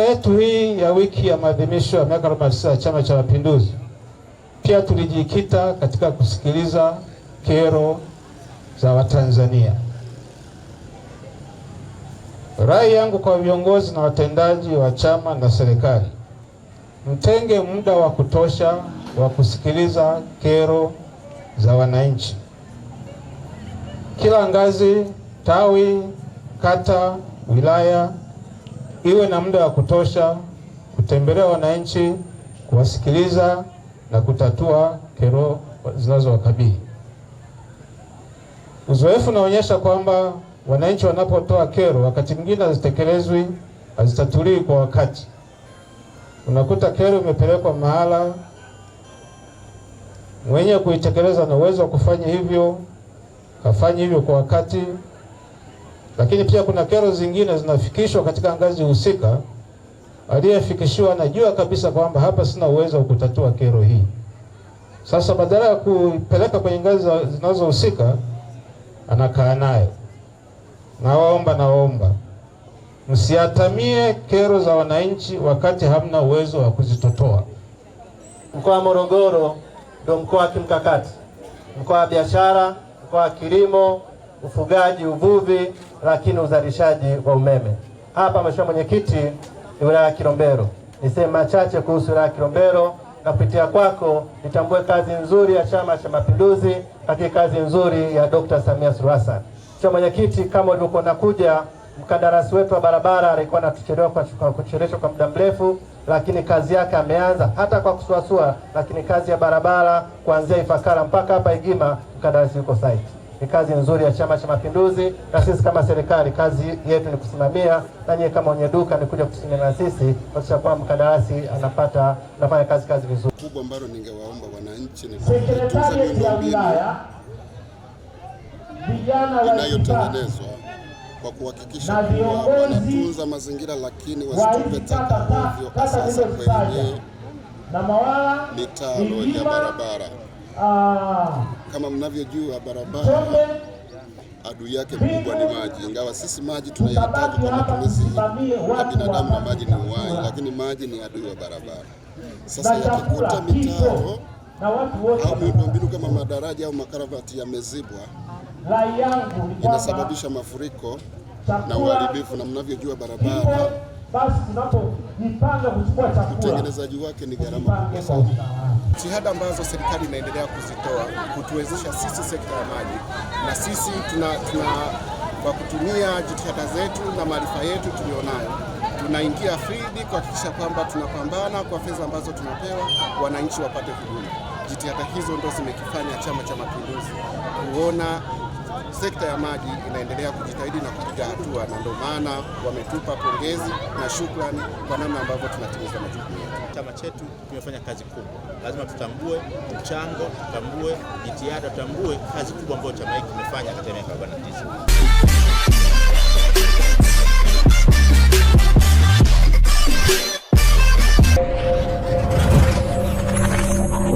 yetu hii ya wiki ya maadhimisho ya miaka 49 ya Chama cha Mapinduzi, pia tulijikita katika kusikiliza kero za Watanzania. Rai yangu kwa viongozi na watendaji wa chama na serikali, mtenge muda wa kutosha wa kusikiliza kero za wananchi. Kila ngazi, tawi, kata, wilaya iwe na muda wa kutosha kutembelea wananchi, kuwasikiliza na kutatua kero zinazowakabili. Uzoefu unaonyesha kwamba wananchi wanapotoa kero, wakati mwingine hazitekelezwi, hazitatuliwi kwa wakati. Unakuta kero imepelekwa mahala, mwenye kuitekeleza na uwezo wa kufanya hivyo hafanyi hivyo kwa wakati lakini pia kuna kero zingine zinafikishwa katika ngazi husika, aliyefikishiwa anajua kabisa kwamba hapa sina uwezo wa kutatua kero hii. Sasa badala ya kupeleka kwenye ngazi zinazohusika, anakaa nayo. Nawaomba, nawaomba msiatamie kero za wananchi wakati hamna uwezo wa kuzitotoa. Mkoa wa Morogoro ndio mkoa wa kimkakati, mkoa wa biashara, mkoa wa kilimo, ufugaji, uvuvi lakini uzalishaji wa umeme hapa. Mheshimiwa Mwenyekiti, ni wilaya ya Kilombero. Niseme machache kuhusu wilaya ya Kilombero na kupitia kwako nitambue kazi nzuri ya Chama cha Mapinduzi, lakini kazi nzuri ya Dr. Samia Suluhu Hassan. Mheshimiwa Mwenyekiti, kama ulivyokuwa nakuja, mkandarasi wetu wa barabara alikuwa anatuchelewa kwa kucheleweshwa kwa muda mrefu, lakini kazi yake ameanza hata kwa kusuasua, lakini kazi ya barabara kuanzia Ifakara mpaka hapa Igima, mkandarasi yuko site ni kazi nzuri ya Chama cha Mapinduzi, na sisi kama serikali kazi yetu ni kusimamia, na nyie kama wenye duka ni kuja kusimamia na sisi kuhakikisha kwamba mkandarasi anapata anafanya kazi kazi vizuri. Kubwa ambalo ningewaomba wananchi ni sekretarieti ya wilaya inayotengenezwa kwa kuhakikisha kuwa wanatunza mazingira, lakini wasitupe taka ovyo, hasa kwenye mitaro ya barabara. Ah. Kama mnavyojua, barabara adui yake mkubwa ni maji. Ingawa sisi maji tunayataka kwa matumizi ya binadamu, na maji ni uhai, lakini maji ni adui wa barabara. Sasa yakikuta mitaro au miundombinu kama madaraja au makaravati yamezibwa, inasababisha mafuriko na uharibifu, na mnavyojua barabara basi tunapojipanga kuchukua chakula, utengenezaji wake ni gharama kubwa sana. Jitihada ambazo serikali inaendelea kuzitoa kutuwezesha sisi sekta ya maji, na sisi tuna, tuna kwa kutumia jitihada zetu na maarifa yetu tulionayo tunaingia fridi kuhakikisha kwamba tunapambana kwa fedha ambazo tunapewa, wananchi wapate huduma. Jitihada hizo ndo zimekifanya Chama cha Mapinduzi kuona sekta ya maji inaendelea kujitahidi na kupiga hatua, na ndio maana wametupa pongezi na shukrani kwa namna ambavyo tunatimiza majukumu yetu. Chama chetu kimefanya kazi kubwa, lazima tutambue mchango, tutambue jitihada, tutambue kazi kubwa ambayo chama hiki kimefanya katika miaka 49.